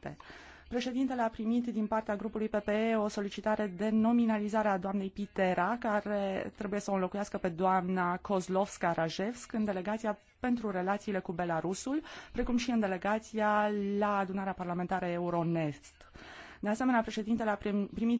date. Președintele a primit din partea grupului PPE o solicitare de nominalizare a doamnei Pitera, care trebuie să o înlocuiască pe doamna Kozlovska Rajevsk în delegația pentru relațiile cu Belarusul, precum și în delegația la adunarea parlamentară Euronest. De asemenea, președintele a primit